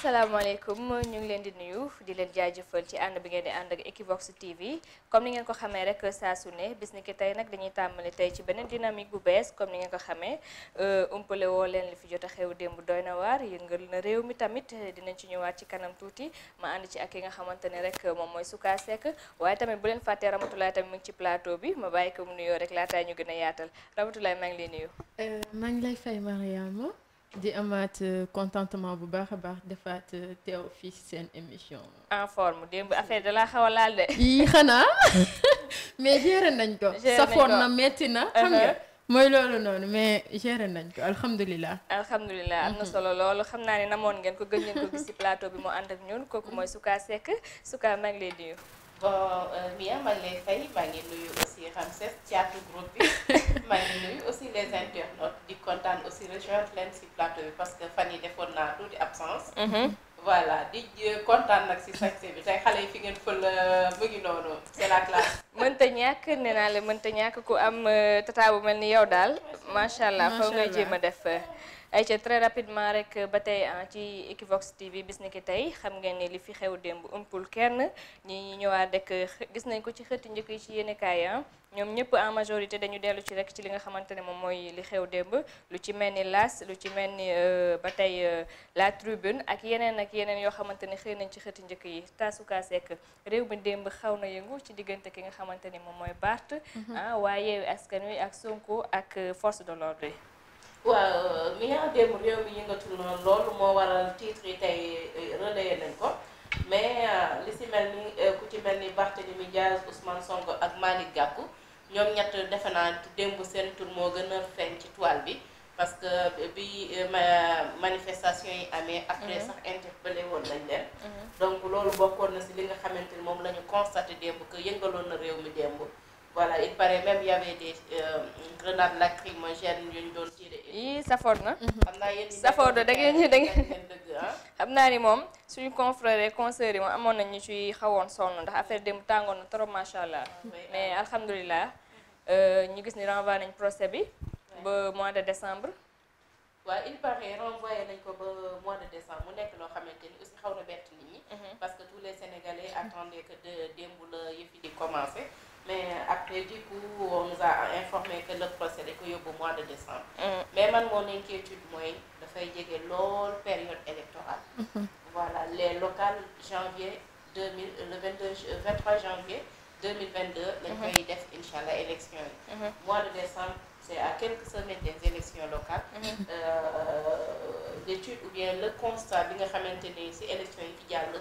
asalaamaaleykum ñu ngi leen di nuyu di leen jaajëfal ci ànd bi ngeen di ànd ak Equivox TV comme ni ngeen ko xamee rek saa su ne bis ni ki tey nag dañuy tàmbali tey ci beneen dynamique bu bees comme ni ngeen ko xamee euh, umpale woo leen li fi jot xew démb doy na waar yëngal na réew mi tamit dinañ ci ñëwaat ci kanam tuuti ma ànd ci ak yi nga xamante ne rek moom mooy Souka Seck waaye tamit bu leen fàttee Ramatulaay tamit mu ngi ci plateau bi ma bàyyi ko mu nuyoo rek laataay ñu gën a yaatal Ramatulaay maa ngi lay nuyu. Euh, maa ngi lay di amaat euh, contentement bu baax a baax defaat euh, teew fii seen émission. en forme démb affaire da laa xaw a laal de. yii xanaa mais géré nañ ko. safoon na metti na. Uh-huh. xam nga mooy loolu noonu mais géré nañ ko alhamdulilah. alhamdulilah am na uh-huh. solo loolu xam naa ne namoon ngeen ko gëj ngeen ko gis ci plateau bi mu ànd ak ñun kooku mooy Souka Seck Souka maa ngi lay nuyu. bon euh, Mia man lay fay maa ngi nuyu aussi Ramses caatu groupe bi maa ngi nuyu aussi les internautes di kontaan aussi rejoindre leen si plateau bi parce que fan yi defoon naa tuuti absence. Mhm. voilà di kontaan nag si sañse bi tey xale yi fi ngeen fël euh, mu ngi noonu c'est la classe. mënta ñàkk ne naa la mënta ñàkk ku am euh, tata bu mel ni yow daal. macha allah foo ngay jéem a def. ay ca très rapidement rek ba tey ah, ci Equivox TV bis ni ki tey xam ngeen ne li fi xew démb ëmpul kenn ñi ñëwaat rek gis nañ ko ci xëtti njëkk yi ci yéene kaay ah. ñoom ñëpp en majorité dañu dellu ci rek ci li nga xamante ne moom mooy li xew démb lu ci mel ni las lu ci mel ni euh, ba tey euh, la tribune ak yeneen ak yeneen yoo xamante ne xëy nañ ci xëtti njëkk yi taasukaa sekk réew mi démb xaw na yëngu ci diggante ki nga xamante ni moom mooy Barth mhm. ah, waaye askan wi ak Sonko ak euh, force de l'ordre yi waaw mi nga démb réew mi yëngatul noonu loolu moo waral titre yi tey eh, relayé nañ ko mais euh, li si mel ni euh, ku ci mel ni Barthélémy jaar Ousmane Sonko ak Malick Gakou ñoom ñett defe naa démb seen tur moo gën a feeñ ci toile bi parce que euh, bi manifestation yi amee. après mhm. sax interpellé woon nañ leen. Mhm. donc loolu bokkoon na si li nga xamante ni moom la ñu constaté démb ko yëngaloon na réew mi démb. voilà il paraît même y avait des euh, grenades lacrymogènes yu ñu doon tiré. yii safoor na. xam naa yéen safoor da ngeen ñu da ah. xam naa ni moom suñu confrères conseillers yi moom amoon nañu ñu ciy xawoon sonn ndax affaire démb tàngoon na trop macha allah. Ah. mais alhamdulilah euh, ñu gis ni renvoyé nañ procès bi. ba mois de décembre. waaw il paraît renvoyé nañ ko ba mois de décembre mu nekk loo xamante ni xaw na bett nit ñi. Mhm. parce que tous les sénégalais attendaient que démb la yëf di commencé. mais après di coup on nous a informé que le procès dañ ko yóbbu mois de décembre. Mm. mais man mon inquiétude mooy dafay jege lool période électorale. Mm-hmm. voilà les locales janvier deux mille le vingt deux vingt trois janvier deux mille vingt deux. lañ koy mm-hmm. def incha allah élection yi. Mm-hmm. mois de décembre c' est à quelques semaines des élections locales. l' euh, étude ou bien le constat bi nga xamante ni si élection yi fi jàll.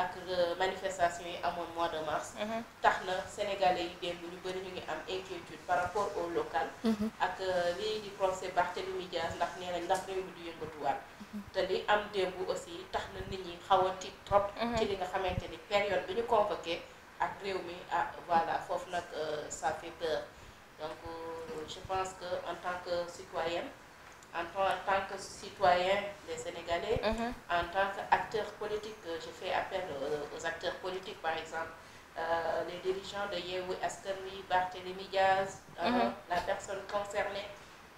ak manifestation yi amoon mois de mars. Mhm. tax na sénégalais yi démb ñu bëri ñu ngi am inquiétude par rapport au local. Mhm. ak euh, lii di procès Barthélémy Dias ndax nee nañ ndax réew mi du yëngatuwaat. Mhm. te li am démb aussi tax na nit ñi xaw a tiit trop. ci li nga xamante ni période bi ñu convoqué ak réew mi ah voilà foofu nag euh, ça fait donc euh, je pense que en tant que citoyenne. en tant que citoyen des Sénégalais, mhm. en tant que qu'acteur politique, euh, je fais appel aux, aux acteurs politiques, par exemple, euh, les dirigeants de Yewi Askermi, Barthélémy Diaz, euh, mm -hmm. la personne concernée,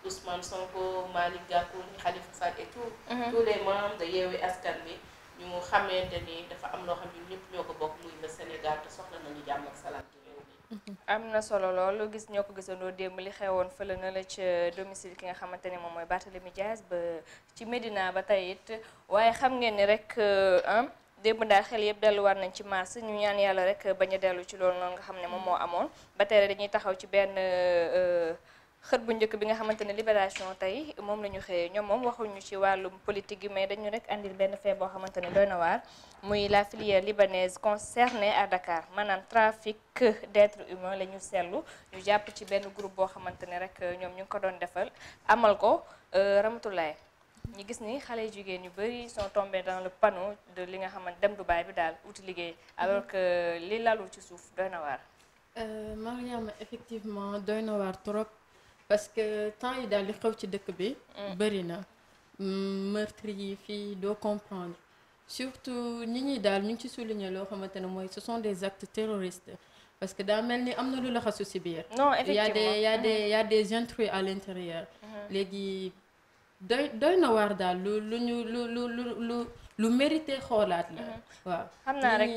Ousmane Sonko, Malik Gakou, Khalifa Sall et tout, mm -hmm. tous les membres de Yewi Askermi, nous savons que nous avons fait un peu de temps pour le Sénégal, nous avons fait un peu de temps am na solo loolu gis ñoo ko gisandoo démb li xewoon fële na la ca domicile ki nga xamante ne moom mooy Barthélemy Diaz ba ci Médina ba tey it waaye xam ngeen ni rek euh, démb daal xel yëpp delluwaat nañ ci mars ñu ñaan yàlla rek bañ dellu ci loolu noonu nga xam ne moom moo amoon ba tey dañuy taxaw ci benn. Euh, xët bu njëkk bi nga xamante ne libération tey moom la ñu xëyee ñoom moom waxuñu ci wàllum politique yi mais dañu rek andil benn fee boo xamante ne doy na waar muy la filière libanaise concernée à Dakar maanaam trafic d'êtres humains la ñu seetlu ñu jàpp ci benn groupe boo xamante ne rek euh, ñoom ñu ngi ko doon defal amal ko euh, Ramatulaay ñu gis ni xale jigéen yu bëri soo tombés dans le panneau de li nga xamante dem du baay bi daal uti liggéey alors que li lalu ci suuf doy na parce que temps yi daal li xew ci dëkk bi. Mm. bëri na mm, meurtre yi fii doo comprendre surtout ñi ñuy daal ñu ngi ci souligner loo xamante ne mooy ce sont des actes terroristes parce que daa mel ni am na lu laxasu xasu si biir. non effectivement y a des mm-hmm. y a des y a à l'intérieur. Mm-hmm. léegi doy doy na waar daal lu lu ñu lu lu lu lu mérité xoolaat la. Mm-hmm. waaw xam naa rek.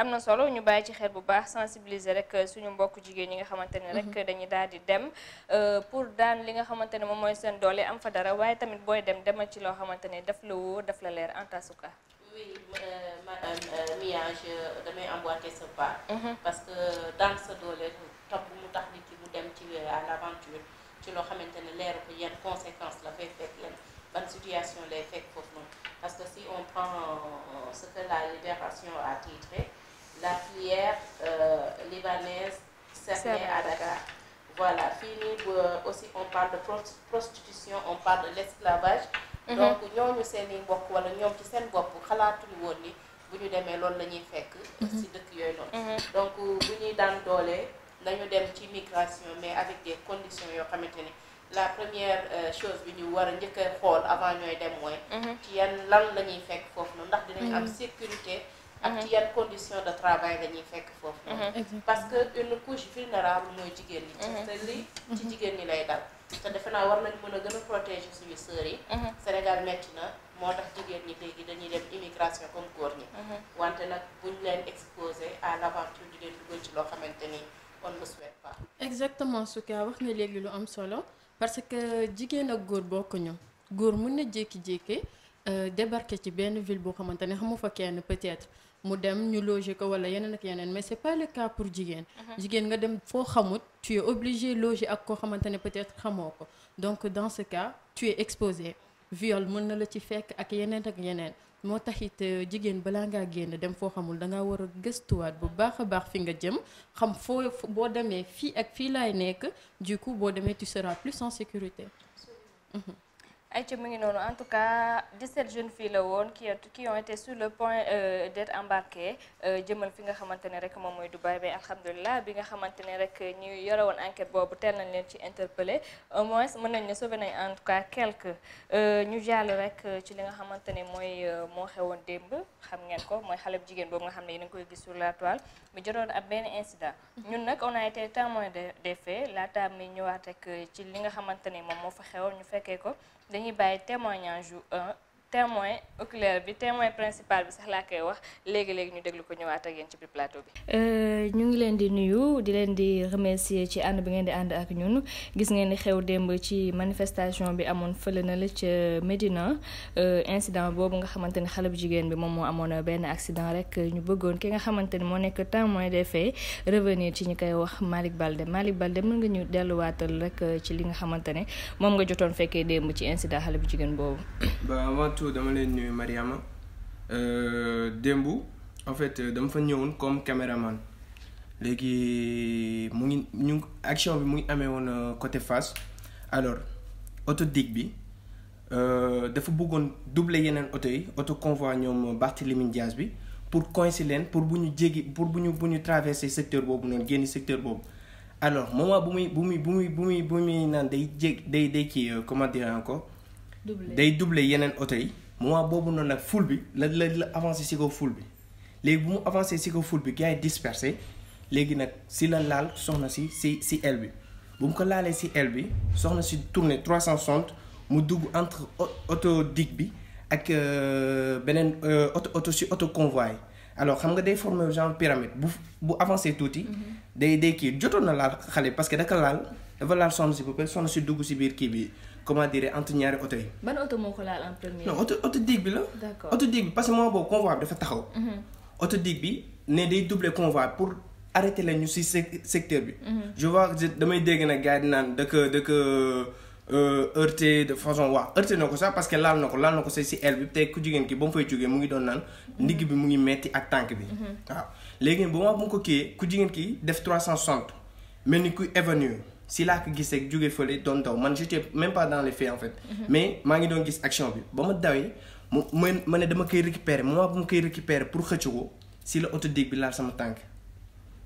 am na solo ñu bàyyi ci xel bu baax sensibiliser rek euh, suñu mbokk jigéen ñi nga xamante ne rek mhm. dañuy daal di dem euh, pour daan li nga xamante ne moom mooy seen doole am fa dara waaye tamit booy dem demal ci loo xamante ne daf la wóor daf la leer en tout cas. oui madame euh, damay emboîter ce pas. Mhm. parce que daan sa doole topp mu tax nit ki mu dem ci à loo xamante ne leer ko yan conséquences la fay fekk foofu noonu parce que si on prend ce que la libération a la prière euh, libanaise Cerné à voilà fii nii euh, aussi on parle de prostitution on parle de l'esclavage mhm. donc ñooñu seen i mbokk wala ñoom ci seen bopp xalaatuñu woon ni bu ñu demee loolu la ñuy fekk si mhm. dëkk yooyu noonu mhm. donc bu ñuy daan doole nañu dem ci migration mais avec des conditions yoo xamante ni la première euh, chose bi ñu war a njëkk xool avant ñooy dem mooy ci yan lan la ñuy fekk foofu noonu ndax dinañ am sécurité ak ci yan condition de travail dañuy fekk foofu mhm. parce que une couche vulnérable mooy jigéen ñi mhm. te lii ci mhm. jigéen ñi lay dal te defe naa war nañ mën a gën a protéger suñu sœurs yi Sénégal metti na moo tax jigéen ñi léegi dañuy dem immigration comme góor ñi wante nag buñ leen exposé à l'aventure di leen dugal ci loo xamante ni on ne souhaite pas exactement Souka wax nga léegi lu am solo parce que jigéen ak góor bokkuñu góor mun na jékki-jékki euh, débarquer ci benn ville boo xamante ne xamu fa kenn peut-être mu dem ñu loger ko wala yeneen ak yeneen mais c'est pas le cas pour jigéen mhm. jigéen nga dem foo xamut tu es obligé loger ak koo xamante ne peut-être xamoo ko donc dans ce cas tu es exposé viole mën na la ci fekk ak yeneen ak yeneen moo taxit euh, jigéen balaa ngaa génn dem foo xamul da ngaa war a gëstuwaat bu baax a baax fi nga jëm xam foo boo demee fii ak fii laay nekk du boo demee tu seras plus en sécurité. ay Aïcha mu ngi noonu en tout cas 17 jeunes fii la woon qui qui ont été sur le point euh, d'être embarquées euh, jëmal fi nga xamante ne rek moom mooy Dubaï ba alhamdulilah bi nga xamante ne rek ñu yore woon enquête boobu teel nañ leen ci interpellé au mën nañ ne sauvé nañ en tout cas quelque euh, ñu jàll rek ci li nga xamante ne mooy moo xewoon démb xam ngeen ko mooy xale bu jigéen boobu nga xam ne yi a ngi koy gis sur la toile mu jotoon ab benn incident. Mhm. ñun nag on a été témoin des faits laata mi ñëwaat rek ci li nga xamante ne moom moo fa xewoon ñu fekkee ko. dañuy bàyyi témoignage yu un témoin oculaire bi témoin principal bi sax laa kay wax léegi léegi ñu déglu ko ñëwaat ak yéen ci biir plateau bi. Euh, ñu ngi leen di nuyu di leen di remercier ci ànd bi ngeen di ànd ak ñun gis ngeen ni xew démb ci manifestation bi amoon fële na la ca Medina euh, incident boobu nga xamante ni xale bu jigéen bi moom moo amoon benn accident rek ñu bëggoon ki nga xamante ni moo nekk témoin des faits revenir ci ñu koy wax Malick Balde Malick Balde mën nga ñu delluwaatal rek ci li nga xamante ne moom nga jotoon fekkee démb ci incident xale bu jigéen boobu. dama leen nuyu Mariama euh, démb en fait dama fa ñëwoon comme man léegi mu ngi ñu action bi mu ngi amee woon euh, côté face alors auto dig bi euh, dafa bëggoon doubler yeneen auto yi auto convoi ñoom Barthélémy Dias bi pour coincer leen pour bu ñu jéggi pour bu ñu bu ñu traverser secteur boobu noonu génn secteur boobu alors moment bu muy bu muy bu muy bu muy bu muy naan day jég day day kii comment day doublé yeneen oto yi moment boobu noonu nag foule bi la la la avancé si ko foule bi léegi bu mu avancé si ko foule bi gars yi dispersé léegi nag si la laal soxna si si si aile bi bu mu ko laalee si aile bi soxna si trois cent 360 mu dugg entre auto digue bi ak euh, beneen euh, auto auto si auto convoi yi xam nga day former genre pyramide bu bu avancé tuuti. Mhm. day day kii jotoon na laal xale parce que daka laal dafa laal soxna si ba soxna si dugg si biir kii bi. comment dire entre ñaari oto yi. ban oto moo ko laal en premier. non oto oto digue bi la. d'accord oto digue bi parce que moment boobu convoi bi dafa taxaw. Mhm. oto digue bi ne day doubler convoi pour arrêter la ñu si secteur bi. Mhm. je vois damay dégg nag gars yi naan dëkk dëkk euh, heurté de façon waaw heurté na ko sax parce laal na ko laal na ko sa si aile bi tey ku jigéen ki ba mu fay jógee mu ngi doon naan. Mhm. ndigg bi mu ngi metti ak tànk bi. waaw léegi bu ma bu ko si laa ko gisee jóge fële doon daw man j'étais même pas dans les faits en fait. Mhm. mais maa ngi doon gis action bi ba ma dawee mu ma ne dama koy récupérer moment bu ma koy récupérer pour xëcc ko si la autodigue bi laal sama tànk.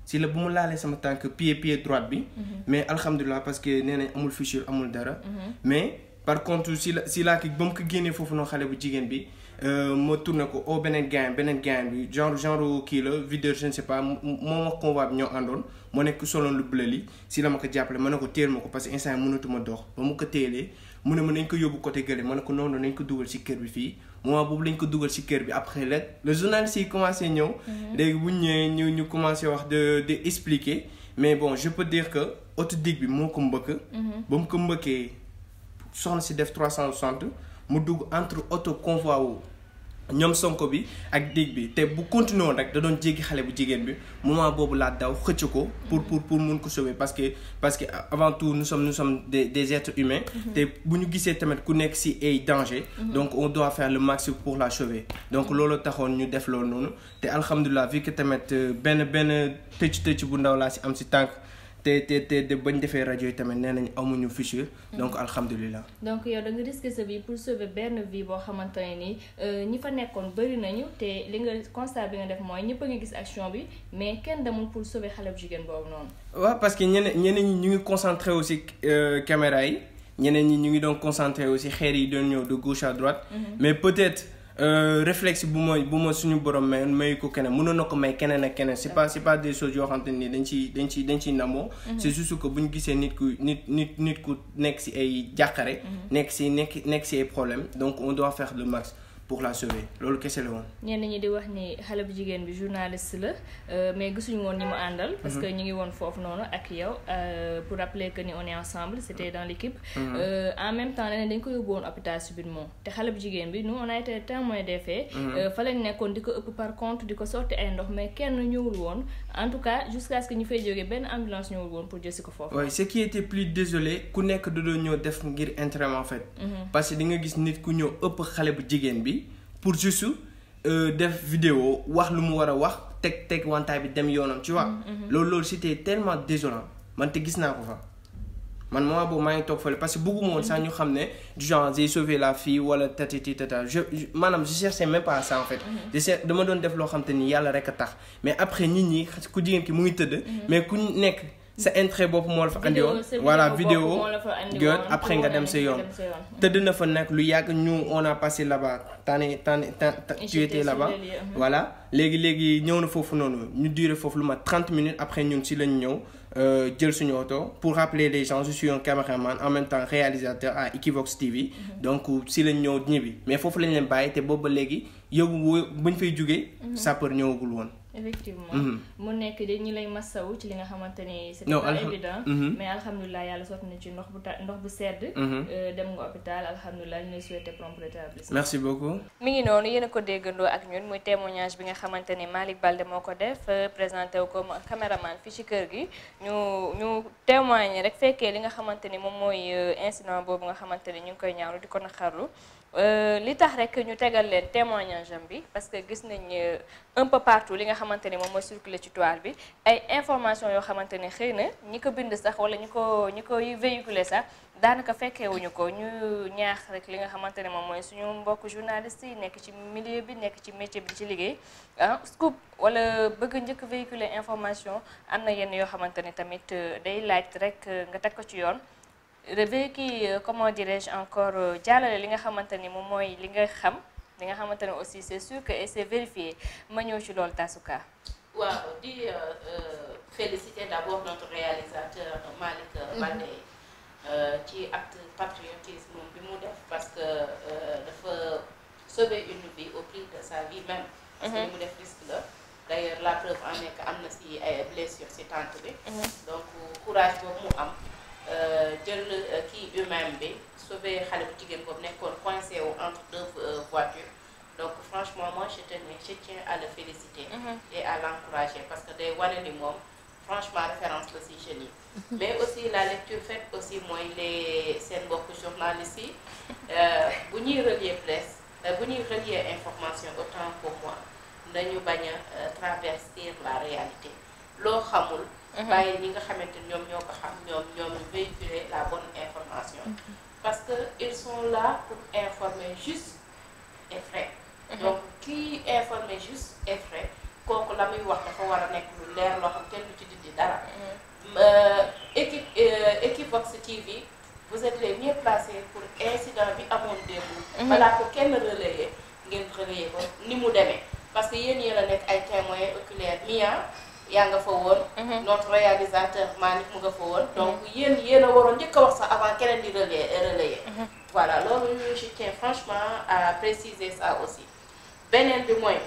si la bu mu laalee sama tànk pied pied droite bi. Mhm. mais alhamdulilah parce que nee nañ amul fissure amul dara. Mhm. mais par contre si la si laa ki ba mu ko génnee foofu noonu xale bu jigéen bi. Euh, ma tourné ko au oh, beneen gain beneen gain bi genre genre kii la videur je ne sais pas moom ak bi ñoo àndoon moo nekk soloon lu bleu li si la ma ko jàppale ma ne ko téel ma ko parce que instant yi mënatuma dox ba mu ko téelee mu ne ma nañ ko yóbbu côté gële ma ne ko noonu nañ ko dugal si kër bi fii moment boobu lañ ko dugal si kër bi après la le journaliste commencé ñëw. Mhm. léegi bu ñëwee ñu ñu commencé wax de de expliquer mais bon je peux dire que autodigue bi moo ko mbëkk. Mhm. ba mu ko mbëkkee soxna si def cent 360 mu dugg entre auto convoi wu. ñoom sonko bi ak dig bi te bu continué rek da doon xale bu jigéen bi moment boobu laa daw xëcc ko pour pour pour mun ko sauver parce que parce que avant tout nous sommes nous sommes des des êtres humains mhm. te bu ñu gisee tamit ku nekk si ay danger mhm. donc on doit faire lu maximum pour la sauver donc loolu taxoon ñu def loolu noonu te alhamdulilah vu que tamit euh, benn benn tëcc tëcc bu ndaw laa si am si tànk te te te bañ defee rajo yi tamit nee nañ amuñu fichier. Mm-hmm. donc alhamdulilah. donc yow da nga risqué sa vie pour sauver benn vie boo xamante ne nii euh, ñi fa nekkoon bëri nañu te li nga constat bi nga def mooy ñëpp a ngi gis action bi mais kenn demul pour sauver xale bu jigéen boobu noonu. waaw parce que ñeneen ñeneen ñi ñu ngi concentré aussi euh, caméra yi ñeneen ñi ñu ngi doon concentré aussi xeer yi doon ñëw du gauche à droite. Mm-hmm. mais peut-être. Euh, réflexe bu ma bu ma suñu borom may mayu ko keneen mënoon na ko may keneen ak keneen c'est pas c'est pas des choses yoo xamante ni dañ ciy dañ ciy dañ ciy namoo mhm. c'est juste que bu ñu gisee nit ku nit nit nit ku nekk ci ay jàqare mhm. nekk ci nekk nekk ci ay problème donc on doit faire le max pour loolu kese la woon. ñi di wax ni xale bu jigéen bi journaliste la euh, mais gisuñu woon ñi mu àndal. parce que mhm. ñu ngi woon foofu noonu ak yow euh, pour rappeler que ni on est ensemble c' était mhm. dans l' équipe. Mhm. Euh, en même temps dañ ko yóbbu di ko ëpp par contre di ko sotti ay ndox mais kenn ñëwul woon en tout cas jusqu' à ce que ñu fay jógee benn ambulance ñëwul woon pour jësi ko foofu. oui ce plus désolé ku nekk da doon ñëw def ngir intérêt en parce que di nga bi. pour juste euh, def vidéo wax lu mu war a wax teg teg wantaay bi dem yoonam ci vois. Mm-hmm. Mm-hmm. loolu loolu c'était tellement désolant man te gis naa ko fa. man moment boobu maa ngi toog fële parce que bëgguma woon sax mm-hmm. ñu xam ne du genre j'ai sauvé la fille wala tatati tata je maanaam je cherchais même pas ça en je cherche dama doon def loo xam te ni yàlla rek a tax mais après nit ñi ku jigéen ki mu ngi tëdd. mais ku nekk. sa intérêt bopp moo la fa andi woon voilà vidéo après nga dem sa yoon tëdd na fa nag lu yàgg ñu on a passé là-bas tane ten tu étais là-bas uh-huh. voilà léegi léegi ñëw na foofu noonu ñu dure foofu lu ma 30 minutes après ñun si lañu ñëw euh, jël suñu oto pour rappeler les gens je suis un caméraman en même temps réalisateur à Equivox TV uh-huh. donc euh, si lañ ñëw ñibbi mais foofu lañ leen bàyyi te boobu ba léegi yow buñ fay jugee uh-huh. sapeur ñëwagul woon effectivement mhm. mu nekk di ñi lay masawu ci li nga xamante ni c'est pas mhm. mais alhamdulilah yàlla sotti na ci ndox bu ta ndox bu sedd mhm. euh, dem nga hôpital alhamdulilah ñu lay souhaiter prompt rétablissement merci beaucoup mi ngi noonu yéen a ko déggandoo ak ñun muy témoignage bi nga xamante ni Malick Balde moo ko def euh, présenté wu comme caméraman fii ci kër gi ñu ñu témoigner rek fekkee li nga xamante ni moom mooy euh, incident boobu nga xamante ni ñu ngi koy ñaawlu di ko naqarlu Euh, li tax rek ñu tegal leen témoignage am bi parce que gis nañ euh, un peu partout li nga xamante ni moom mooy circuler ci toile bi ay information yoo xamante ne xëy na ñi ko bind sax wala ñi ko ñi koy véhiculer sax daanaka fekkeewuñu ko ñu ñaax rek li nga xamante ne moom mooy suñu mbokk journaliste yi nekk ci milieu bi nekk ci métier bi di ci liggéey ah scoop wala bëgg njëkk véhiculer information am na yenn yoo xamante ne tamit euh, day laaj rek nga teg ko ci yoon revue qui euh, comment dirais-je encore euh, jàllale li nga xamante ni moom mooy li nga xam li nga xamante ne aussi c'est sûr que et c'est ma ñëw ci loolu tasuka waaw di euh, féliciter d'abord notre réalisateur Malick mhm. Baldé ci acte patriotisme bi mu def parce que dafa sauver une vie au prix de sa vie même parce que mhm. li mu def risque la d'ailleurs la preuve en est am na si ay blessures tant tante bi mhm. donc courage boobu mu am Euh, jël euh, kii humain bi sauvé xale bu jigéen ko nekkoon coincé wu entre deux euh, voitures donc franchement moi je tenais je à le féliciter. Mhm. et à l'encourager parce que day wane ni moom franchement référence la si jeunes yi. mais aussi la lecture faite aussi mooy les seen mbokk journalistes yi bu ñuy relier presse bu ñuy relier information autant pour moi nañu bañ a traverser la réalité loo xamul. Mhm. bàyyi ñi nga xamante ni ñoom ñoo ko xam ñoom ñoom ñu véhiculer la bonne information mhm. parce que ils sont là pour informer juste et vrai mhm. donc kii informer juste et vrai kooku la muy wax dafa war a nekk lu leer loo kenn du ci dindi dara euh, équipe euh, Equivox TV vous êtes les mieux placés pour incident bi amoon démb balaa ko kenn relayer ngeen relayer ko ni mu demee parce que yéen yéen a nekk ay témoins oculaires mia yaa nga fa woon. Mhm. notre réalisateur Malick mu nga fa woon. Mhm. donc yéen yéen a waroon njëkk a wax sax avant keneen di relayer relayer. Mhm. voilà loolu ñu je tiens franchement à préciser aussi. beneen bi mooy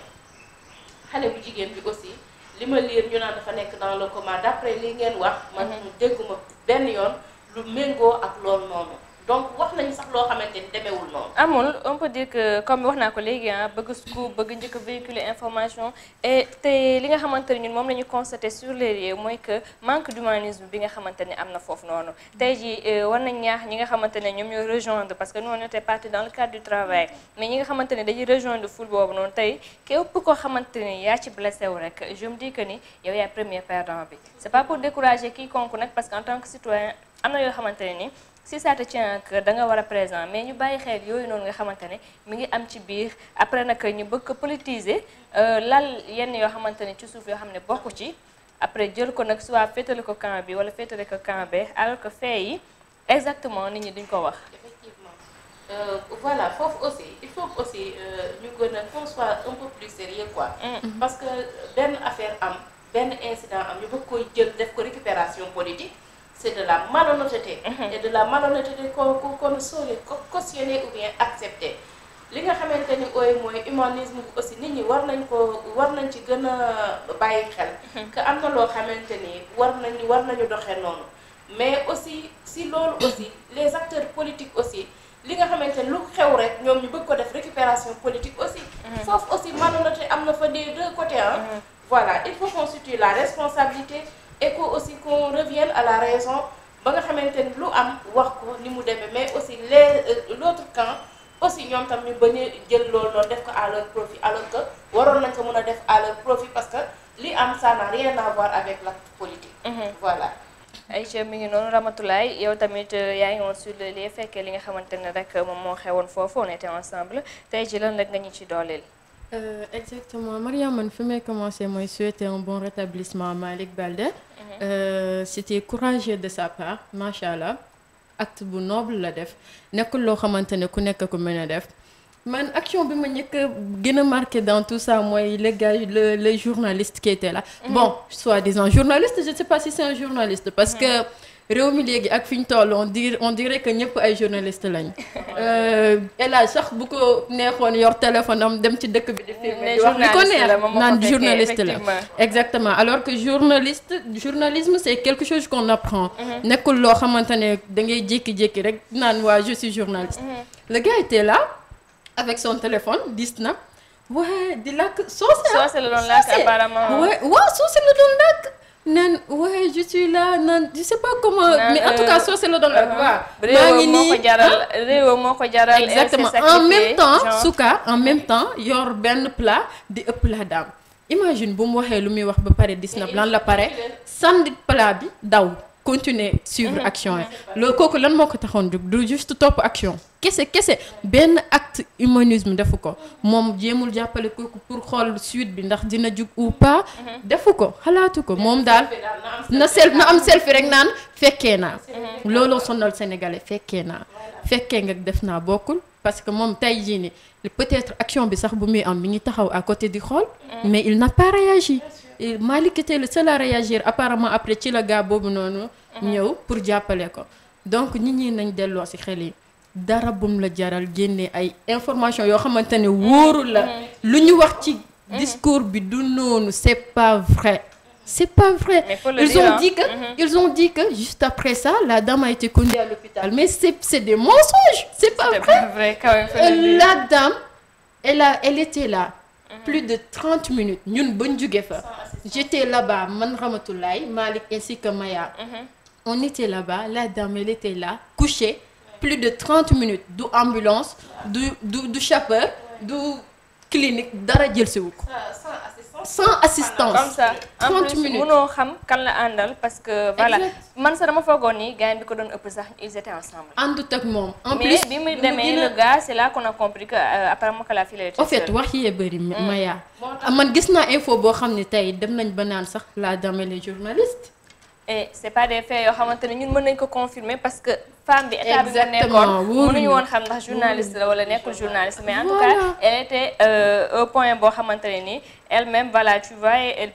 xale bu jigéen bi aussi li ma liir ñu naan dafa nekk dans le coma d'après li ngeen wax. man dégguma benn yoon lu méngoo ak loolu noonu. donc wax nañu sax loo xamante ni demeewul noonu. amul on peut dire que comme wax naa ko léegi ah bëgg scoop bëgg njëkk véhiculer information et te li nga xamante ne ñun moom la ñu constaté sur les lieux mooy que manque d'humanisme bi nga xamante ni am na foofu noonu. tey jii euh, war nañ ñaax ñi nga xamante ne ñoom ñooy rejoindre parce que nous on était parti dans ne dañuy rejoindre foule boobu noonu tey képp koo xamante ne yaa ci blessé wu rek je me dis que ni yow yaay premier perdant bi. c'est pas pour décourager quiconque nag parce que en tant que citoyen am na yoo xamante ne ni. si ça te tient que da war a présent mais ñu bàyyi xel yooyu noonu nga xamante ne mi ngi am ci biir après nag ñu bëgg ko politiser euh, lal yenn yoo xamante ne ci suuf yoo xam ne bokku ci après jël ko nag soit féetale ko camp bi wala féetale ko camp be alors que yi exactement nit ñi duñ ko wax. effectivement euh, voilà foofu aussi il faut aussi euh, ñu gën a qu'on soit un peu plus sérieux quoi. Mmh. parce que benn affaire am benn incident am ñu bëgg koy jël def ko récupération politique. c'est de la malhonnêteté. Mhm. et de la malhonnêteté qu'on qu'on saurait cautionner ou bien accepter. li nga xamante ni ooy mooy humanisme bi aussi nit ñi war nañ ko war nañ ci gën a bàyyi xel. Mhm. que am na loo xamante ni war nañu war nañu doxee noonu. mais aussi si loolu aussi les acteurs politiques aussi li nga xamante ni lu xew rek ñoom ñu bëgg ko def récupération politique aussi. Mhm. foofu aussi malhonnêteté am na fa des deux côtés ah. voilà il faut constituer la responsabilité. et aussi qu'on revienne à la raison ba nga xamante ni lu am wax ko ni mu demee mais aussi les euh, l'autre camp aussi ñoom tam ba bañ a jël loolu noonu def ko à leur profit alors que waroon nañ ko mën a def à leur profit parce que li am ça n'a rien à voir avec l'acte politique mhm. voilà Aïcha mi ngi noonu Ramatoulaye yow tamit euh, yaa ngi woon sur le lieu fekkee li nga xamante ne rek moom moo xewoon foofu on était ensemble tey ji lan la nga ñu ci dooleel euh, exactement Mariam man fi may commencer mooy souhaiter un bon rétablissement à euh, c'était courageux de sa part macha allah acte bu noble la def nekkul loo xamante ne ku nekk ko mën a def. man action bi ma njëkk a gën a marqué dans tout ça mooy les gars le les journalistes qui étaient mhm. bon soi-disant journaliste je ne sais pas un journaliste. parce mhm. que réew mi léegi ak fi ñu toll on dirait on dirait que ñëpp ay journaliste lañ euh, El Hadj sax bu ko neexoon yor téléphone am dem ci dëkk bi di filmer wax li ko neex naan journaliste la exactement alors que journaliste journalisme c'est quelque chose qu'on apprend mhm. nekkul loo xamante ne da jékki-jékki rek naan waa je suis journaliste mhm. le gars était avec son téléphone di snap waa di làkk ah. soose la doon làkk naan waaye je suis naan je pas comment. mais en tout cas soo se la doon ak ngi nii ah? moo ko jaral réew moo ko exactement en même temps suka en même temps yor benn plat di ëpp la daam imagine bu mu waxee lu muy wax ba pare disna snap la pare sànni plat bi daw. continuer suivre mhm. action yi loolu kooku lan moo ko taxoon jóg du juste topp action kese kese benn acte humanisme defu ko moom jéemul jàppale kooku pour xool suite bi ndax dina jug ou pas mhm. defu ko xalaatu ko moom daal na self na am selfie rek naan fekkee naa mhm. looloo sonal sénégalais fekkee naa fekkee nga def naa bokkul parce que moom tey jii ni peut-être action bi sax bu muy am mi ngi taxaw a côté di xool. Mm. mais il n'a pas réagi. Et Malick était le seul à réagir apparemment après ci la gaa boobu noonu. Mm-hmm. ñëw pour jàppale ko. donc nit ñi nañ delloo si xel yi dara bum la jaral génne ay information yoo xamante ne wóoru la. Mm-hmm. lu ñu wax ci mm-hmm. discours bi du noonu c'est pas vrai. c'est pas vrai. ils dire, ont hein. dit que mm -hmm. ils ont dit que juste après ça la dame a été conduite à l'hôpital mais c'est des mensonges. c'est pas vrai euh, la dame elle était là. Mm-hmm. plus de 30 minutes ñun ba ñu jóge fa. j'étais là-bas man Ramatoulaye Malick ainsi que Maya. Mm -hmm. on était là-bas la dame elle était là couchée. plus de 30 minutes du ambulance du du du clinique dara jël si wu ko. sans assistance. comme ça en plus mënoo xam kan la àndal parce que. voilà man sax dama foogoon ni gars bi ko doon ëpp sax ils étaient ensemble. àndut ak moom. en plus mais bi muy demee le gars c'est là qu'on a compris que euh, apparemment que la fille était en fait wax yee bëri mm. ah, man gis naa info boo xam ne tey dem nañ ba naan sax la dame les et c' est pas des faits yoo xamante ne ñun mën nañ ko confirmer parce que femme bi état bi mu nekkoon mënuñu woon xam ndax journaliste la wala nekkul journaliste mais en tout euh, point boo xamante ne nii elle-même voilà tu vois elle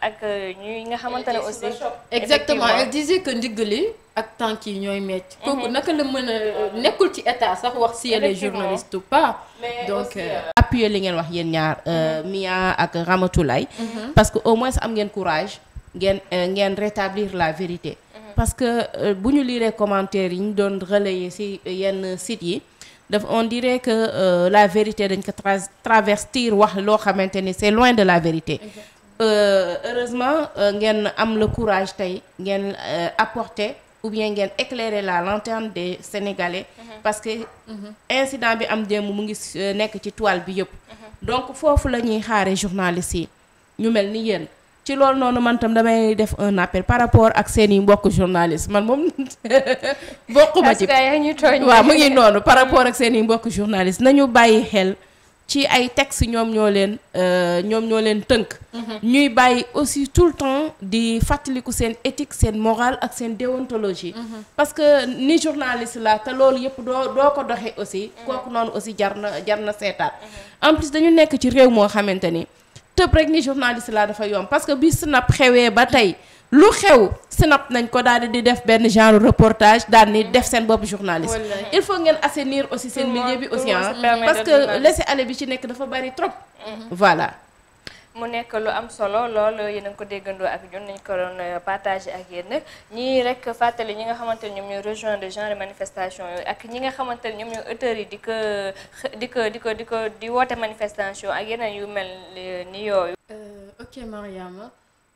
ak euh, ñuy nga xamante ne aussi exactement elle disait que ndigg li ak tànk yi ñooy metti mhm. kooku naka la mën a euh, nekkul ci état sax wax si elle est journaliste pas donc appuyer li ngeen wax yéen ñaar mhm. Mia ak Ramatoulaye mhm. parce que au moins am ngeen courage ngeen euh, ngeen rétablir la vérité. Mhm. parce que euh, bu ñu liiree commentaires yi ñu doon relayer ci yenn sites yi daf on dire que euh, la vérité dañ ko tra travestir wax loo xamante ni c'est loin de la vérité. Euh, heureusement euh, ngeen am le courage tey ngeen apporter. ou bien ngeen éclairer la lanterne des Sénégalais. Mhm. parce que mm incident bi am démb mu ngi nekk ci toile bi yëpp. Mhm. donc foofu la ñuy xaaree journalistes yi ñu mel ni yéen. ci lool noonu man tam damay def un appel par rapport ak seeni i mbokk journaliste man moom bokkuma ci waaw mu ngi noonu par rapport ak seeni i mbokk na ñu bàyyi xel ci ay texte ñoom ñoo leen euh, ñoom ñoo leen tënk mhm. ñuy bàyyi aussi tout le temps di fàttaliku seen éthique seen morale ak seen déontologie mhm. parce que ni journaliste la te loolu yëpp doo doo ko doxe aussi mhm. kooku noonu aussi jar na jar na seetaat en plus dañu nekk ci réew moo xamante ni tëb rek ni journaliste laa dafa yomb parce que bi snap xewee ba tey lu xew snap nañ ko daal di def benn genre reportage daal ni def seen bopp journaliste. il faut ngeen assainir aussi seen milieu bi aussi ah. parce que laisser aller bi ci nekk dafa bari trop. Mhm. voilà. mu nekk lu am solo loolu yéen a ko déggandoo ak ñun nañ ko doon euh, partagé ak yéen ñii rek fàttali ñi nga xamante ne ñoom ñooy rejoindre genre manifestation yooyu ak ñi nga xamante ne ñoom ñooy auteurs yi di ko di ko di ko di ko di woote manifestation ak yeneen yu mel euh, ni yooyu. Euh, ok Mariama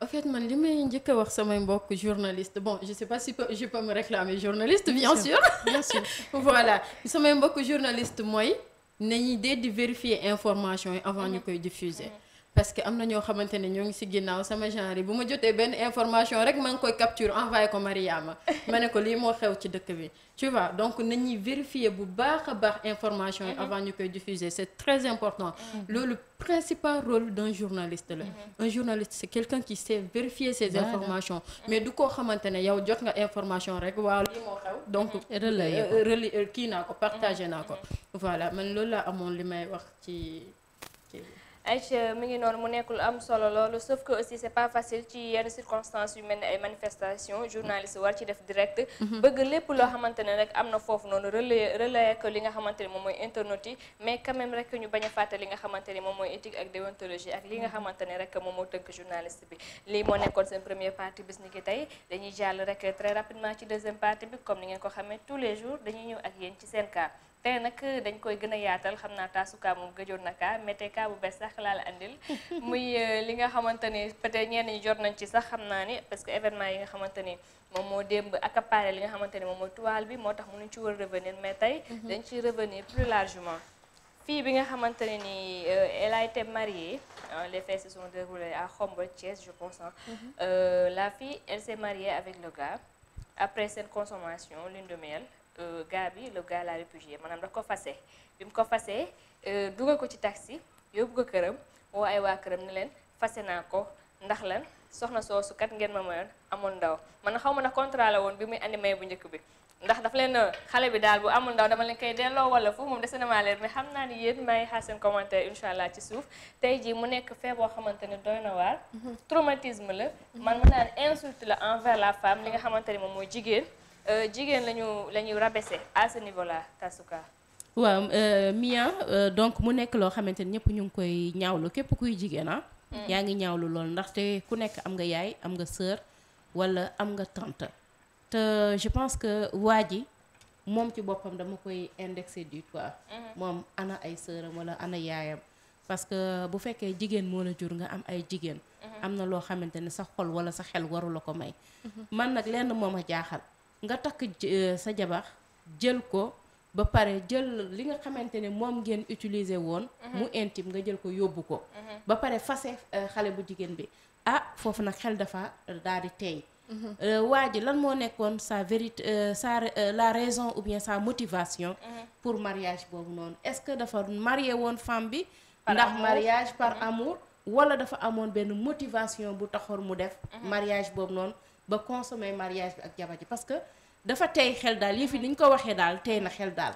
en fait man li may njëkk wax samay mbokk journaliste bon je sais pas si je peux me réclamer journaliste. bien sûr bien sûr voilà samay mbokk journaliste mooy nañu dee di vérifier information yi avant ñu mhm. koy diffuser. Mhm. parce que am na ñoo xamante ne ñoo ngi si ginnaaw sama genre yi bu ma jotee benn information rek maa ngi koy capture envoyé ko Mariama ma ne ko lii moo xew ci dëkk bi tu vois donc nañuy vérifier bu baax a baax information yi mm-hmm. avant ñu koy diffuser c'est très important mm-hmm. loolu principal rôle d'un journaliste la mm-hmm. un journaliste c'est quelqu'un qui sait vérifier ses informations mais du koo xamante ne yow jot nga information rek waa lii moo xew donc relayer euh, euh, kii naa ko partagé naa ko voilà man loolu laa amoon li may wax ci ay ayca mi ngi noonu mu nekkul am solo loolu sauf que aussi c'est pas facile ci yenn circonstances yu mel ni ay manifestations journaliste war ci def direct mhm. bëgg lépp loo xamante ne rek am na foofu noonu relayer ko li nga xamante ne moom mooy internautes yi mais quand même rek nga xamante ni moom mooy éthique ak déontologie ak li nga mhm. xamante ne rek moom moo tënk journaliste bi lii moo nekkoon seen première partie bis ni ki tey dañuy jàll rek très rapidement ci deuxième partie bi comme ni ngeen ko xamee tous les jours dañuy ñëw yéen ci seen cas tey nag dañ koy gën a yaatal xam naa taasukaa moom gëjoon na kaa mété kaa bu bees sax laa la andil muy euh, li nga xamante ni peut-être ñenn ñi jot nañ ci sax xam naa ni parce que événement yi nga xamante ni moom moo démb accaparé li nga xamante ni moom mooy toile bi moo tax mënuñ ci war a revenir mais tey mhm. dañ ci revenir plus largement fii bi nga xamante ne ni euh, elle a été mariée les faits se sont déroulés à Khombole Thiès je pense mm la fille elle s'est mariée avec le après cette consommation lune de miel Euh, gars bi le gars l'a répudié maanaam daf ko fase bi mu ko fase euh, dugal ko ci taxi yóbbu ko këram woo ay waa këram ne leen fase naa ko ndax lan soxna soosu kat ngeen ma mën amul ndaw man xaw ma na contrat woon bi muy andi may bu njëkk ndax daf leen xale bi daal bu amul ndaw dama leen koy delloo wala fu moom dese xam naa ni yéen maa ngi xaar seen commentaire incha allah ci suuf tey jii mu nekk fee boo xamante ni doy na waar mhm. traumatisme la man mën naa insulte la envers la femme li nga xamante ni moom moo jigéen Euh, jigéen lañu la ñu rabaisser à ce niveau là Tasuka waaw euh, Mia euh, donc mu nekk loo xamante ni ñëpp ñu ngi koy ñaawlu képp kuy jigéen ah mm. yaa ngi ñaawlu loolu ndaxte ku nekk am nga yaay am nga sœur walla am nga tante te je pense que waa ji moom ci boppam dama koy indexé du poids mm-hmm. moom ana ay sëram walla ana yaayam parce que bu fekkee jigéen moo la jur nga am ay jigéen mm-hmm. am na loo xamante ne sa xol walla sa xel waru ko may mm-hmm. man nag lenn moom a jaaxal nga takk euh, sa jabar jël ko ba pare jël li nga xamante ne moom ngeen utiliser woon. Mhm. mu intime nga jël ko yóbbu ko. Mhm. ba pare fase euh, xale bu jigéen bi ah foofu nag xel dafa euh, daal di tey. Mhm. waa ji lan moo nekkoon sa vérité sa la raison ou bien sa motivation. pour mariage boobu noonu est-ce que dafa marié woon femme bi. ndax mariage par amour. wala dafa amoon benn motivation bu taxoon mu def. mariage boobu noonu ba consommer mariage bi ak jabar ji parce que. dafa tey xel daal yëf yi li ñu ko waxee daal tey na xel daal.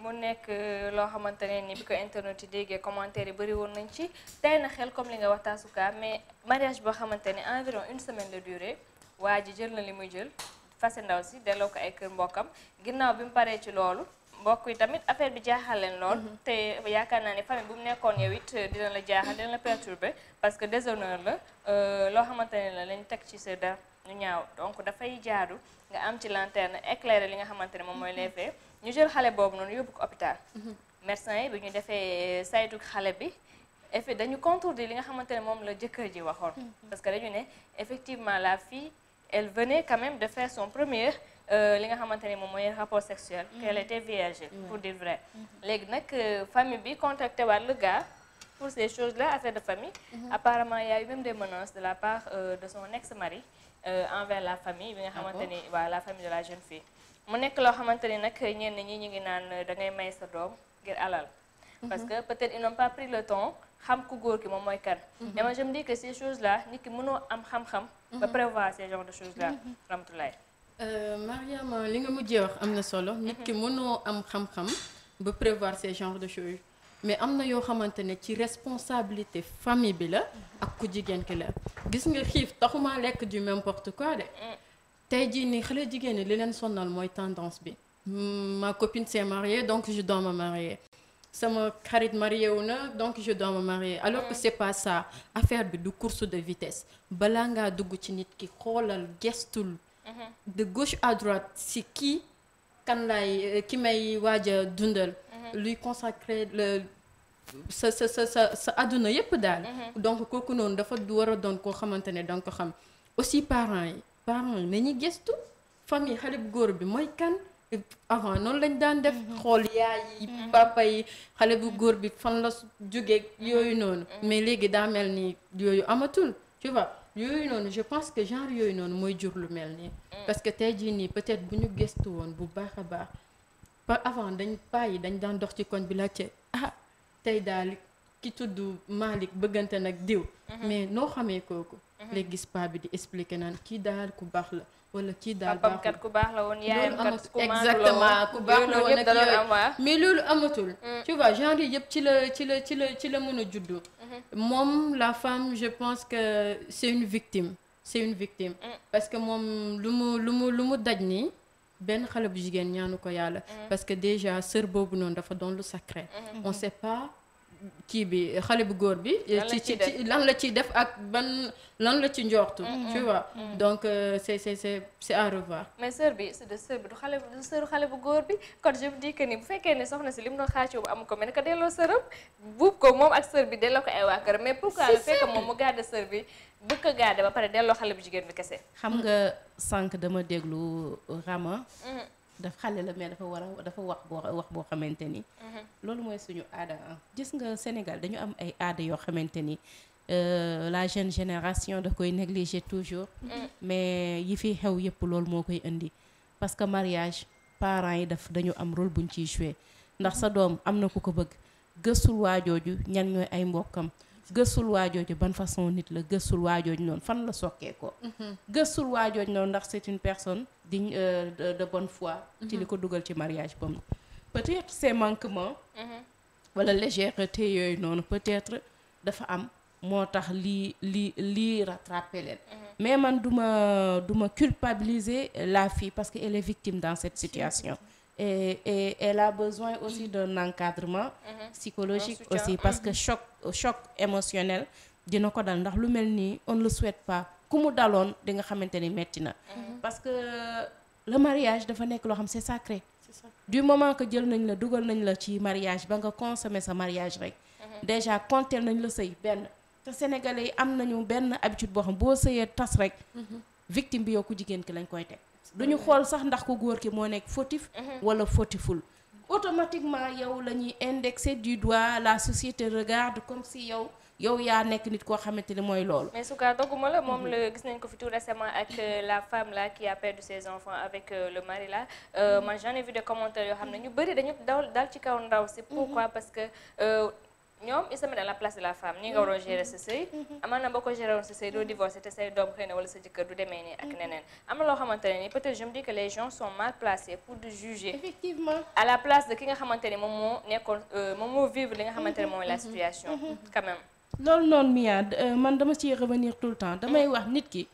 mu nekk euh, loo xamante ne ni bi ko internet yi déggee commentaire yi bëri woon nañ ci tey na xel comme li nga wax taasuka mais mariage boo xamante ni environ une semaine de durée waa ji jël na li muy jël fase ndaw si delloo ko ay kër mbokkam ginnaaw bi mu paree ci loolu. mbokk yi tamit affaire bi jaaxal leen lool. Mm-hmm. te yaakaar naa ne famille bu mu nekkoon yow it euh, dina la jaaxal dina la perturber parce que déshonneur la euh, loo xamante ne la lañ teg ci sa dara. ñu ñaaw donc dafay jaadu nga am ci lanterne éclairer li nga xamante ne moom mooy les faits ñu jël xale boobu noonu yóbbu ko hôpital mhm. médecin yi bi ñu defee saytu xale bi effet dañu contourner li nga xamante ne moom la jëkkër ji waxoon mhm. parce que dañu ne effectivement la fille el venait quand même de faire son premier euh, li nga xamante ni moom mooy rapport sexuel mhm. qu'elle était vierge pour dire vrai léegi nag euh, famille bi contacté waat le gars pour ces choses là affaire famille apparemment il y a eu même des la part euh, de son ex-mari Euh, envers la famille bi nga xamante ni waa la famille de la jeune fille mu nekk loo xamante ni nag ñenn ñi ñu ngi naan euh, dangay may sa doom ngir alal mhm. parce que peut-être ils n'ont pas pris le temps xam ku góor ki moom mooy kan mhm. mais moi je me dis que ces choses nit ki mënoo am xam-xam ba mhm. prévoir ces genre de choses là ramtulaay euh, Mariama li nga mujjee wax am na solo nit ki mënoo am xam-xam ba prévoir ces genre de choses mais am na yoo xamante ne ci responsabilité famille bi la ak ku jigéen ki la gis nga xiif taxuma lekk du n'importe quoi de tey jii ni xale jigéen ñi li leen sonnal mooy tendance bi ma copine s'est mariée donc je dois me marier sama xarit marié wu na donc je dois me marier alors que c'est pas ça affaire bi du course de vitesse balaa ngaa dugg ci nit ki xoolal gestul de gauche à droite si kii kan laay ki may waaj a dundal mhm. lui consacrer sa sa sa sa sa adduna yépp daal mm-hmm. donc kooku noonu dafa war a doon koo xamante ne danga ko xam aussi parents yi parents yi nañuy gëstu famille xale bu góor bi mooy kan avant noonu lañ daan def mm-hmm. xool yaay yi mm-hmm. xale bu góor bi fan la jógee yooyu noonu mais léegi daa mel ni yooyu amatul tu vois yooyu noonu je pense que genre yooyu noonu mooy jur lu mel nii mm. parce que tey jii nii peut-être bu ñu gestu woon bu baax a baax par avant dañ paa yi dañ daan dox ci koñ bi laajte ah tey daal ki tudd Malick bëggante nag diw mhm. mais noo xamee kooku mhm. léegi gis bi di expliquer naan kii daal ku baax la wala kii daal baaxul kat ku baax la woon yaayam kat ku baax la woon ak yooyu mais loolu amatul mm. tu vois genre yi yëpp ci la ci la ci la ci la mën a juddu mhm. moom la femme je pense que c'est une victime c'est une victime mm. parce que moom lu mu lu mu lu mu daj nii benn xale bu jigéen ñaanu ko yàlla mm. parce que déjà sër boobu noonu dafa doon lu sacré mm-hmm. on sait pas kii bi xale bu góor bi. ci lan la ciy def ak ban lan la ci njortu. Mm-hmm. tu vois mm-hmm. donc euh, c'est c'est c'est c'est à revoir. mais sœur bi c'est de sœur bi du xale du sœur xale bu góor bi kon je me dis que bu fekkee ne soxna si li mu doon xaacoo bu am ko mel ne que delloo sëram buub ko moom ak sœur bi delloo ko ay waa kër mais pourquoi le fait que moom mu garde sœur bi bëgg ko garde ba pare delloo xale bu jigéen bi kese. xam nga sànq dama déglu Rama. Mm-hmm. daf xale la mais dafa war a dafa wax boo wax boo xamante ni. Mhm. loolu mooy suñu aada gis nga Sénégal dañu am ay aada yoo xamante ni euh, la jeune génération daf koy négliger toujours. Mhm. mais yi fi xew yëpp loolu moo koy indi parce que mariage parents yi daf dañu am rôle buñ ciy joué ndax sa doom am na ku ko bëgg gëstul waajooju ñan ñooy ay mbokkam. gëstul waa jooju ban façon nit la gëstul waa noonu fan la sokkee ko mhm. gëstul waa jooju noonu ndax c'est une personne digne euh, de bonne foi ci mhm. li ko dugal ci mariage bam peut-être ces manquements mhm. wala légèreté yooyu noonu peut-être dafa am moo tax lii lii lii rattrapé leen mais man duma duma culpabiliser la fi parce que elle est victime dans cette situation et et elle a besoin aussi d'un encadrement mhm. psychologique aussi parce que mhm. choc choc émotionnel dina ko dal ndax lu mel nii on ne le souhaite pas ku mu daloon di nga xamante ni metti na mhm. parce que euh, le mariage dafa nekk loo xam c'est sacré du moment que jël nañ la dugal nañ la ci mariage ba nga consommer sa mariage rek déjà compter nañ la sëy benn te sénégalais yi am nañu benn habitude boo xam boo sëyee tas rek victime bi yow ku jigéen ki lañ koy teg duñu xool sax ndax ku góor ki moo nekk fautif mhm. wala fautiful automatiquement yow la ñuy indexé du doigt la société regarde comme si yow yow yaa nekk nit koo xamante ni mooy loolu. mais su kaa dogguma la moom mhm. la gis nañ ko fi tout récemment ak mhm. euh, la femme là qui a perdu ses enfants avec euh, le mari là man euh, j'en ai vu yoo xam ne ñu bëri dañu daal ci kaw ndaw si. pourquoi parce que. ñoom ils se mettent à la place de la femme ñi nga waroon gérer sa sëy mm-hmm. Mm-hmm. amaan na ko gérer woon sa sëy doo mm-hmm. divorcé te say doom xëy na wala sa jëkkër du demee nii ak neneen am na loo xamante ne nii peut-être je me dis que ki nga xamante ne moom moo nekkoon euh, moom moo vivre li nga xamante ne mooy la situation quand loolu noonu Mia euh, man dama ciy revenir tout le temps damay wax nit ki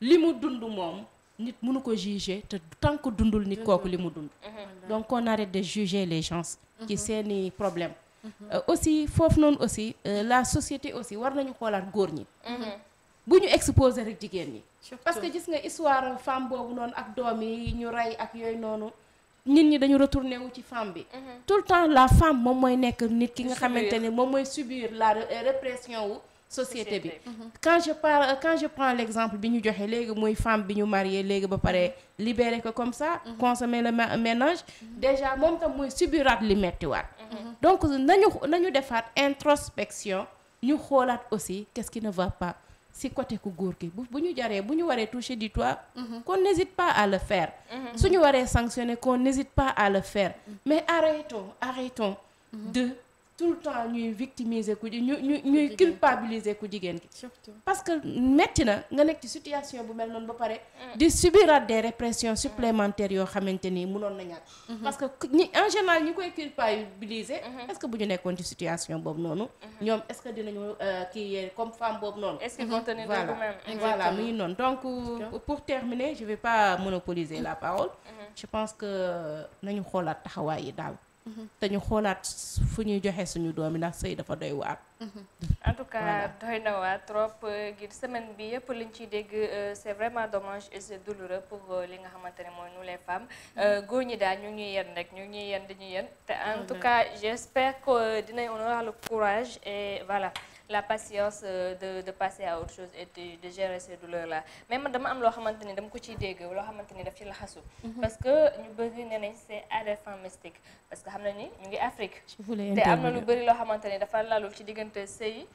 li mu dund moom nit mënu ko juger te tant que dundul nit kooku li mu dund donc on arrête de juger les gens ci seeni Euh, aussi foofu noonu aussi euh, la société aussi war nañu xoolaat góor ñi. Mhm. bu ñu exposé rek jigéen ñi. parce que gis nga histoire fem boobu noonu ak doom yi ñu rey ak yooyu noonu. nit ñi dañu retourné wu ci femme bi. Mhm. tout le temps la femme moom mooy nekk nit ki nga xamante ne moom mooy subir la euh, répression wu. société bi mhm. quand je parle quand je prends l'exemple bi ñu joxee léegi muy femme bi ñu marié léegi ba pare libéré ko comme ça. consommer le ménage déjà moom tam mooy subiraat li mettiwaat. Mhm. donc nañu nañu defaat introspection ñu xoolaat aussi qu'est-ce va pas si côté ku góor gi bu ñu jaree bu ñu waree toucher du toit mhm. qu'on n'hésite pas à le faire mhm. su ñu waree sanctionner qu'on n'hésite pas à le faire mais arrêtons arrêtons tout le temps ñuy victimiser ku ñu ñu ñuy culpabiliser ku jigéen ki surtout parce que metti na nga nekk ci situation bu mel noonu ba pare. Mm. di subiraat des répressions supplémentaires yoo xamante ni mënoon na ñàkk. Mm-hmm. parce que ñi en général ñi koy culpabiliser. Mm-hmm. est-ce que bu ñu nekkoon ci situation boobu noonu. Mm-hmm. ñoom est-ce que dinañu euh, kii comme femme boobu noonu. est-ce qu'ils vont tenir voilà voilà muy noonu donc euh, pour terminer je vais pas monopoliser la parole. je pense que euh, nañu xoolaat taxawaay yi daal. te ñu xoolaat fu ñuy joxe suñu doom yi ndax sëy dafa doy waar. en tout cas doy na waa trop euh, ngir semaine bi yëpp liñ ciy dégg euh, c' est vraiment dommage et c' est pour euh, li nga xamante ne mooy nous les femmes mm-hmm. góor ñi daal ñu ñuy yen rek ñu ñuy yen di ñu yen te en mm-hmm. tout cas j' espère que dinañ on aura courage et voilà. la patience euh, de de passer à autre chose et de, de gérer ces douleurs mais man dama am loo xamante ni dama ko ciy dégg loo xamante ni daf ci laxasu mhm. parce que ñu bëri ne nañ c'est à des fins mystiques parce na ni ñu ngi Afrique te am na lu bëri loo xamante ni dafa lalul ci diggante sëy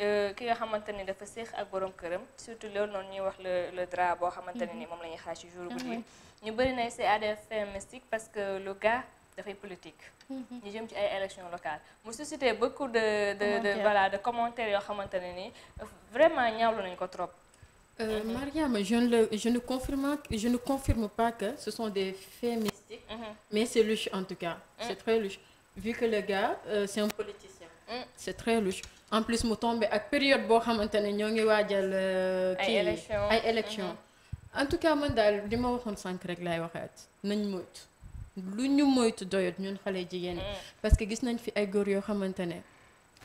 euh, ki nga xamante ni dafa séex ak borom këram surtout loolu noonu ñuy wax le le drap boo xamante ne ni mhm. moom la ñuy xaar ci jour guddi ah ñu bëri ne c'est à des fins mystiques parce que le dafay politique. Mhm. ñu jëm ci ay élections locales mu suscité beaucoup de de de voilà de commentaires yoo xamante ne ni vraiment ñaawlu nañ ko trop. Euh, Mariam, je ne, je, ne confirme, je ne confirme pas que ce sont des faits mystiques, mhm. mais c'est louche en tout cas. Mhm. C'est très louche. Vu que le gars, euh, c'est un politicien. Mm -hmm. C'est très louche. En plus, je tombe à la période où nous avons élection. En tout cas, je suis en train de me dire que lu ñu moytu doyut ñun xale jigéen mm. parce que gis nañ fi ay góor yoo xamante ne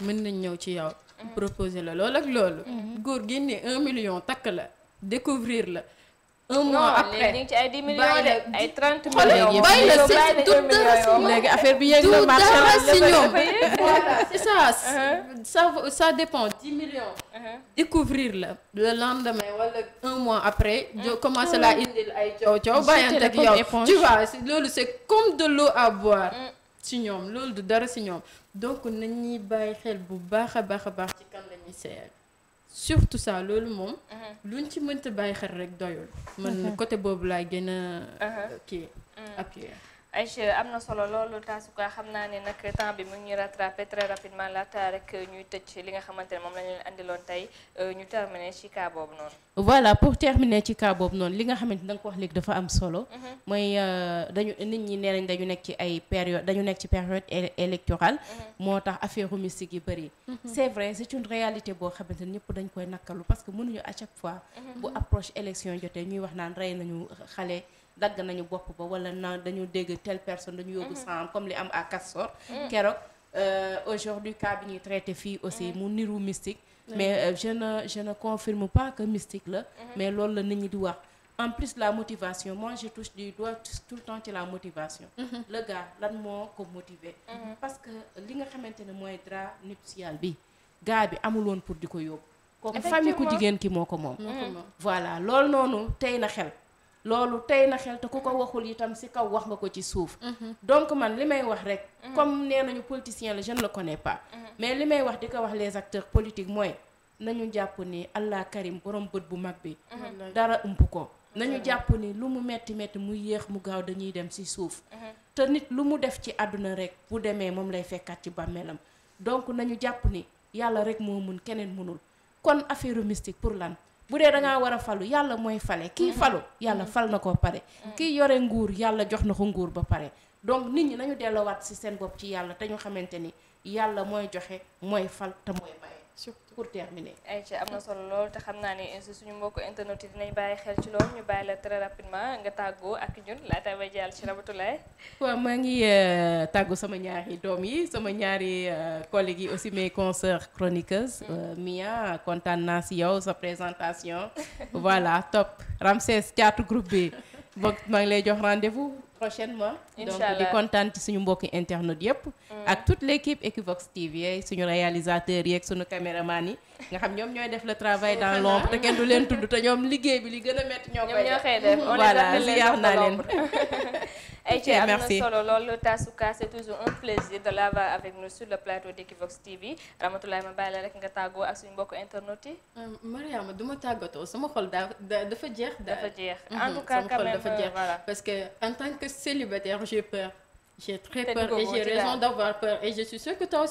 mën nañ ñëw ci yow. Mm. proposer la loolu ak loolu. Mm-hmm. góor génne un million takk la découvrir la. un mois après non ci ay ay 30 millions la si tout dara léegi affaire bi yegg na marché la si ñoom. voilà c'est ça uh-huh. ça dépend Uh-huh. découvrir la le lendemain wala un mois après jo commencé laa indil ay coow coow bàyyante ak yow tu vois loolu c'est comme de l'eau à si mm. ñoom loolu du dara si ñoom donc nañuy bàyyi xel bu baax a baax a baax ci kan la ñuy seeyal surtout ça loolu moom lu mm-hmm. luñ ci mënta bàyyi xel rek doyul man mm-hmm. côté boobu laay gën a uh-huh. kii mm. Aïcha am na solo loolu taasuka xam naa ne nag temps bi mu ngi ñuy rattrapé très rapidement laata rek ñuy tëj li nga xamante ne moom la indiloon leen tey euh, ñu terminer ci cas boobu noonu. voilà pour ci cas boobu noonu li nga xamante da nga ko wax léegi dafa am solo. Mhm. mooy euh, dañu nit ñi nee nañ dañu nekk ci ay période dañu nekk ci période électoral mhm. moo tax affaire mystique yi bëri. Mhm. c'est vrai c'est une réalité boo xamante ne ñëpp dañ koy nakkalu parce que mënuñu à chaque fois. bu approche élection jotee ñuy wax naan rey nañu xale. dagg nañu bopp ba wala na dañu dégg telle personne dañu yóbbu mm-hmm. sang comme li am à Castor mm-hmm. keroog euh, aujourd'hui cas bi ñuy traité fii aussi mm-hmm. mu niru mystique mais euh, jeune jeune confirme pas que la mais loolu la nit ñi di wax en plus la motivation moi je touche du doigt tout ci la motivation le lan moo ko motiver parce que li nga xamante ne mooy drap nuptial bi gars bi amul woon pour di ko yóbbu kooku famille ku jigéen ki moo ko moom voilà loolu noonu tey na xel loolu tey na xel te ku ko waxul itam si kaw wax nga ko ci suuf. Mhm. donc man li may wax rek. Mhm. comme nee nañu politicien le je la ko connais pas. Mhm. mais li may wax di ko wax les acteurs politiques mooy nañu jàpp ni Allah Karim borom bët bu mag bi. dara ump ko. nañu jàpp ni lu mu metti metti mu yéex mu gaaw dañuy dem si suuf. te nit lu mu def ci àdduna rek bu demee moom lay fekkaat ci bàmmeelam donc nañu jàpp ni yàlla rek moo mun keneen mënul kon affaire mystique pour lan. bu dee da war a falu yàlla mooy fale kii mm-hmm. falu yàlla mm-hmm. fal na ko pare mm-hmm. kii yore nguur yàlla jox na ko nguur ba pare donc nit ñi nañu delloowaat si seen bopp ci yàlla te ñu xamante ni yàlla mooy joxe mooy fal te mooy bàyyi surtout pour terminer. ayca am na solo lool te xam naa ne suñu mbokku internet yi dinañ bàyyi xel ci loolu ñu bàyyi la très rapidement nga tàggoo ak ñun laata may jàll ci Ramatoulaye. waaw maa ngi euh, tàggu sama ñaari doom yi sama ñaari euh, collègues yi aussi mes consoeurs chroniqueuses. Mm. Euh, Mia kontaan naa si yow sa présentation. voilà top Ramsès caatu groupe bi maa ngi lay jox rendez prochainement donc di kontaan ci suñu mbokki internet yëpp. Mm. ak toute l' équipe Equivox TV yeeg suñu réalisateur yeeg suñu caméraman yi. nga xam ñoom ñooy def le travail dans l'ombre te kenn du leen tudd te ñoom liggéey bi li gën a métti ñoo koy def voilà ziar naa leen Aïcha am na solo loolu Tasuka c'est toujours un plaisir de l'avoir avec nous sur le plateau d'Equivox TV Ramatoulaye ma bàyyi la rek nga tàggoo ak suñu mbokk internautes yi euh, Mariama du ma tàggatoo suma xol daa dafa jeex dafa jeex en mhm, dafa cas euh, parce que en tant que célibataire j'ai j'ai très peur et j'ai raison d'avoir peur et je suis sûre que toi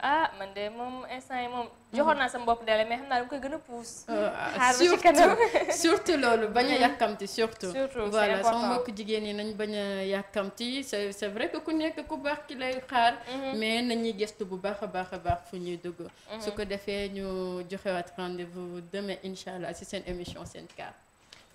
ah man de moom instant yi moom. joxoon naa sama bopp dale mais xam naa dama gën a pousse. Euh, surtout surtout loolu bañ a mm. yàkkamti surtout. surtout voilà sama jigéen ñi nañ bañ yàkkamti c'est c'est vrai que ku nekk ku baax ki lay xaar. Mm-hmm. mais ñuy gëstu bu baax a baax a baax fu ñuy dugg. Mm-hmm. su ko defee ñu joxewaat rendez-vous demain incha allah si seen émission seen cas.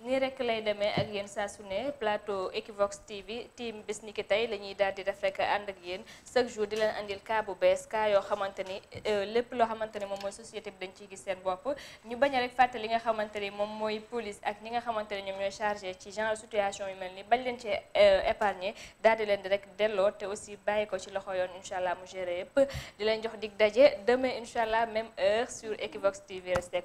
nii rek lay demee ak yéen saa su ne plateau Equivox TV team bis ni ki tey la ñuy daal di def rek ànd ak yéen chaque jour di leen andil cas bu bees cas yoo xamante ni euh, lépp loo xamante ni moom mooy société bi dañ ciy gis seen bopp ñu bañ a rek fàtte li nga xamante ni moom mooy police ak ñi nga xamante ni ñoom ñooy chargé ci genre situation yu mel ni bañ leen ci euh, épargner daal di leen di rek delloo te aussi bàyyi ko ci loxo yoon incha allah mu géré yëpp di leen jox dig daje demain incha allah même heure sur Equivox TV restez